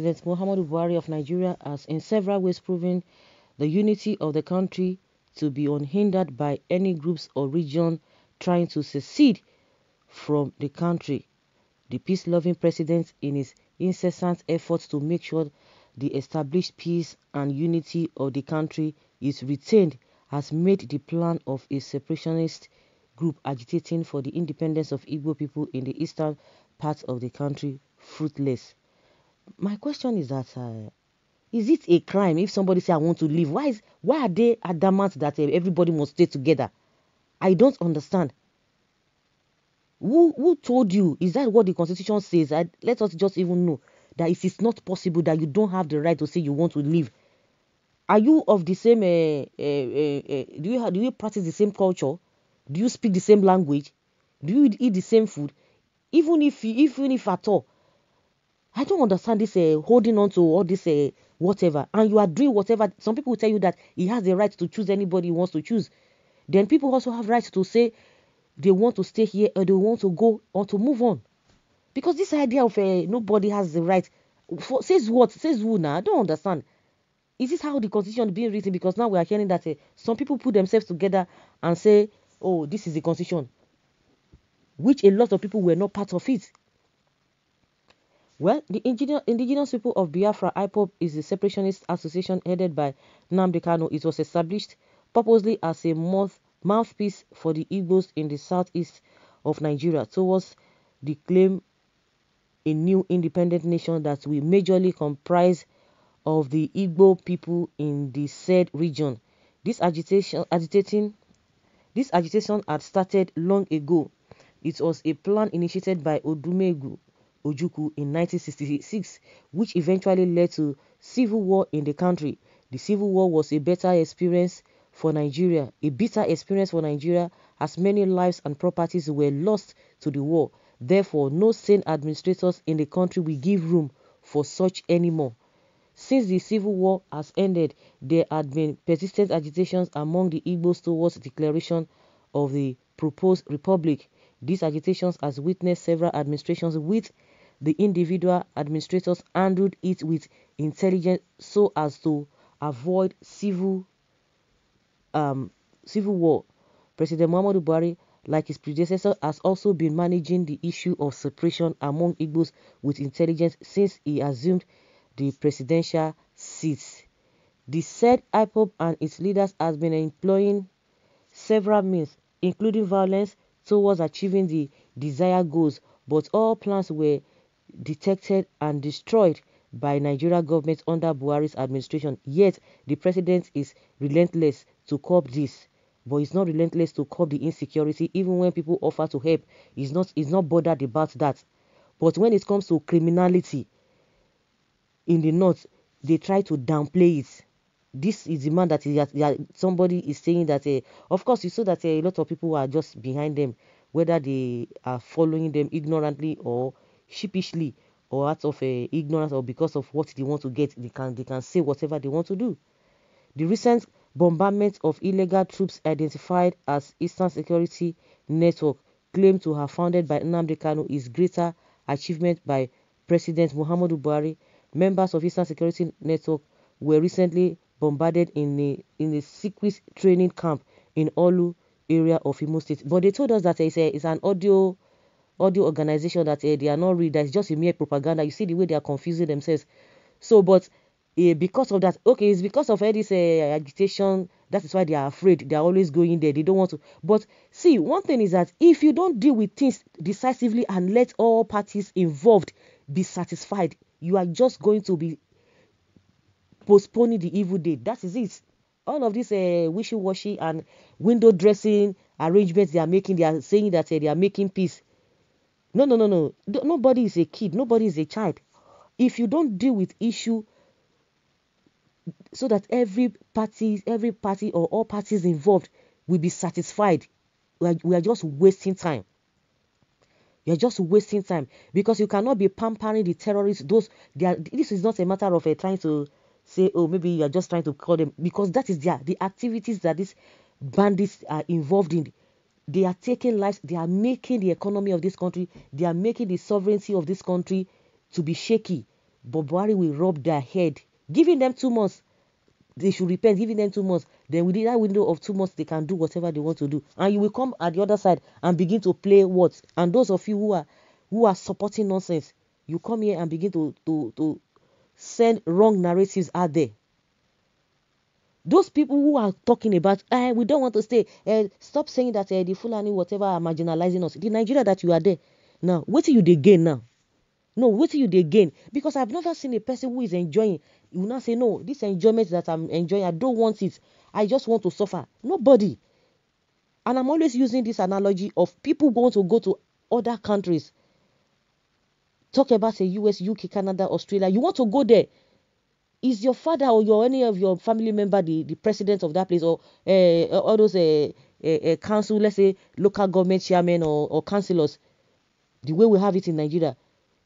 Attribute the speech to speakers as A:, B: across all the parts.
A: President Muhammadu Buhari of Nigeria has in several ways proven the unity of the country to be unhindered by any groups or region trying to secede from the country. The peace-loving president, in his incessant efforts to make sure the established peace and unity of the country is retained, has made the plan of a separationist group agitating for the independence of Igbo people in the eastern part of the country fruitless my question is that uh, is it a crime if somebody say I want to leave? Why is why are they adamant that uh, everybody must stay together? I don't understand. Who who told you? Is that what the constitution says? I, let us just even know that it is not possible that you don't have the right to say you want to leave. Are you of the same? Uh, uh, uh do you have, do you practice the same culture? Do you speak the same language? Do you eat the same food? Even if even if at all I don't understand this uh, holding on to all this uh, whatever. And you are doing whatever. Some people tell you that he has the right to choose anybody he wants to choose. Then people also have rights to say they want to stay here or they want to go or to move on. Because this idea of uh, nobody has the right for, says what? Says who now? I don't understand. Is this how the constitution is being written? Because now we are hearing that uh, some people put themselves together and say, oh, this is the constitution, which a lot of people were not part of it well, the indigenous people of Biafra, IPOB, is a separationist association headed by Namdekanu. It was established purposely as a mouth, mouthpiece for the Igbos in the southeast of Nigeria towards the claim a new independent nation that will majorly comprise of the Igbo people in the said region. This agitation, agitating, this agitation had started long ago. It was a plan initiated by Odumegu, Ojukwu in 1966, which eventually led to civil war in the country. The civil war was a better experience for Nigeria, a bitter experience for Nigeria as many lives and properties were lost to the war. Therefore, no sane administrators in the country will give room for such anymore. Since the civil war has ended, there had been persistent agitations among the Igbos towards declaration of the proposed republic. These agitations has witnessed several administrations with the individual administrators handled it with intelligence so as to avoid civil um, civil war. President Muhammadu Buhari, like his predecessor, has also been managing the issue of separation among Igbos with intelligence since he assumed the presidential seat. The said IPOB and its leaders has been employing several means, including violence, towards achieving the desired goals, but all plans were detected and destroyed by Nigeria government under Buhari's administration. Yet the president is relentless to curb this. But he's not relentless to curb the insecurity, even when people offer to help. He's not, he's not bothered about that. But when it comes to criminality in the north, they try to downplay it this is the man that, is, that, that somebody is saying that, uh, of course, you saw that uh, a lot of people are just behind them, whether they are following them ignorantly or sheepishly or out of uh, ignorance or because of what they want to get, they can, they can say whatever they want to do. The recent bombardment of illegal troops identified as Eastern Security Network claimed to have founded by Nnamdi Kanu is greater achievement by President Muhammadu Buhari members of Eastern Security Network were recently bombarded in the in the secret training camp in Olu area of Imo State. But they told us that it's, eh, a, it's an audio audio organization that uh, they are not real. That's just a mere propaganda. You see the way they are confusing themselves. So, but uh, because of that, okay, it's because of all this uh, agitation. That is why they are afraid. They are always going there. They don't want to. But see, one thing is that if you don't deal with things decisively and let all parties involved be satisfied, you are just going to be postponing the evil day. That is it. All of this uh, wishy-washy and window dressing arrangements they are making, they are saying that uh, they are making peace. No, no, no, no. Nobody is a kid. Nobody is a child. If you don't deal with issue so that every party, every party or all parties involved will be satisfied, we are, we are just wasting time. You're just wasting time because you cannot be pampering the terrorists. Those are, this is not a matter of uh, trying to say, oh, maybe you are just trying to call them because that is their the activities that these bandits are involved in. They are taking lives, they are making the economy of this country, they are making the sovereignty of this country to be shaky. Bobari will rub their head, giving them two months. They should repent, giving them two months. Then within that window of two months, they can do whatever they want to do. And you will come at the other side and begin to play what? And those of you who are who are supporting nonsense, you come here and begin to to to send wrong narratives out there. Those people who are talking about, eh, we don't want to stay, eh, stop saying that eh, the Fulani, whatever, are marginalizing us. The Nigeria that you are there. Now, what are you they gain now? No, what are you they gain? Because I've never seen a person who is enjoying, you will not say, no, this enjoyment that I'm enjoying, I don't want it. I just want to suffer. Nobody. And I'm always using this analogy of people going to go to other countries Talk about a US, UK, Canada, Australia. You want to go there. Is your father or your any of your family member the, the president of that place or uh, all those uh, uh, council, let's say local government chairman or, or councillors, the way we have it in Nigeria?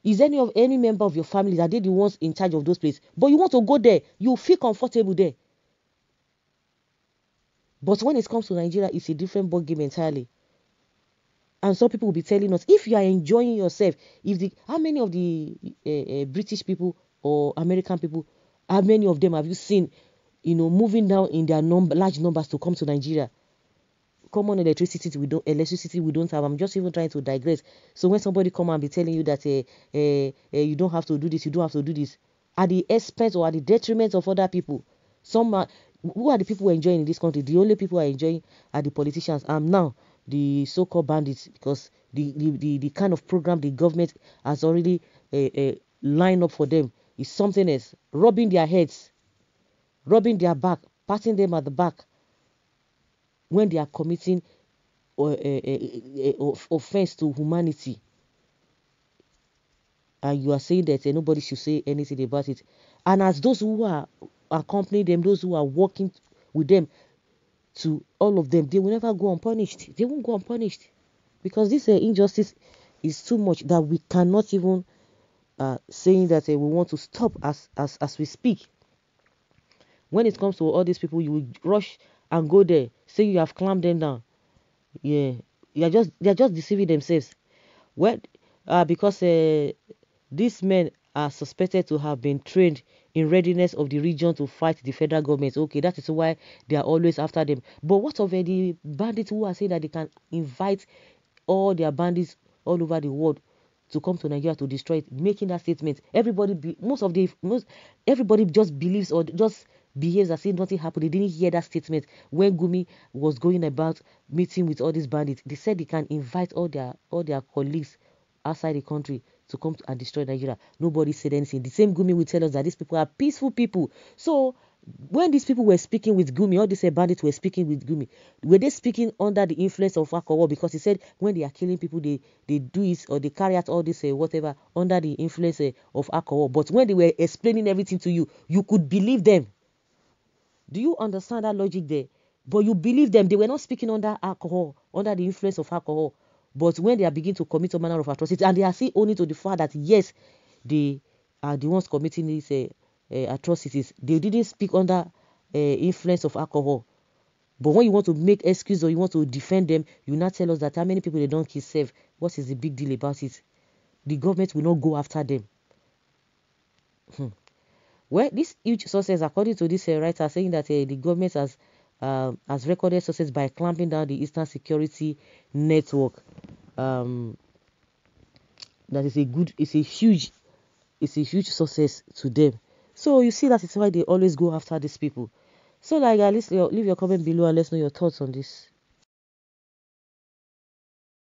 A: Is any of any member of your family that they the ones in charge of those places? But you want to go there, you feel comfortable there. But when it comes to Nigeria, it's a different ballgame entirely and some people will be telling us if you are enjoying yourself if the how many of the uh, uh, british people or american people how many of them have you seen you know moving down in their number large numbers to come to nigeria common electricity we don't electricity we don't have i'm just even trying to digress so when somebody come and be telling you that uh, you don't have to do this you don't have to do this at the expense or at the detriment of other people some are, who are the people enjoying in this country the only people are enjoying are the politicians and now the so-called bandits because the, the, the, the kind of program the government has already uh, uh, lined up for them is something else. Rubbing their heads, rubbing their back, patting them at the back when they are committing uh, offense to humanity. And you are saying that nobody should say anything about it. And as those who are accompanying them, those who are working with them, to all of them, they will never go unpunished. They won't go unpunished because this uh, injustice is too much that we cannot even uh, saying that uh, we want to stop as, as as we speak. When it comes to all these people, you will rush and go there, say you have clamped them down. Yeah, they are just they are just deceiving themselves. Well, uh, because uh, these men are suspected to have been trained in readiness of the region to fight the federal government. Okay, that is why they are always after them. But what of the bandits who are saying that they can invite all their bandits all over the world to come to Nigeria to destroy it? Making that statement, everybody, be, most of the most, everybody just believes or just behaves as if nothing happened. They didn't hear that statement when Gumi was going about meeting with all these bandits. They said they can invite all their all their colleagues outside the country to come and destroy Nigeria. Nobody said anything. The same Gumi will tell us that these people are peaceful people. So when these people were speaking with Gumi, all these bandits were speaking with Gumi, were they speaking under the influence of alcohol? Because he said when they are killing people, they, they do it or they carry out all this uh, whatever under the influence uh, of alcohol. But when they were explaining everything to you, you could believe them. Do you understand that logic there? But you believe them. They were not speaking under alcohol, under the influence of alcohol. But when they are beginning to commit a manner of atrocities, and they are seeing only to the fact that yes, they are the ones committing these uh, uh, atrocities, they didn't speak under uh, influence of alcohol. But when you want to make excuse or you want to defend them, you now tell us that how many people they don't save. What is the big deal about it? The government will not go after them. Hmm. Well, this huge success, according to this uh, writer, saying that uh, the government has uh, um, has recorded success by clamping down the Eastern Security Network. Um, that is a good, it's a huge, it's a huge success to them. So you see that is why they always go after these people. So like, at least leave your comment below and let us know your thoughts on this.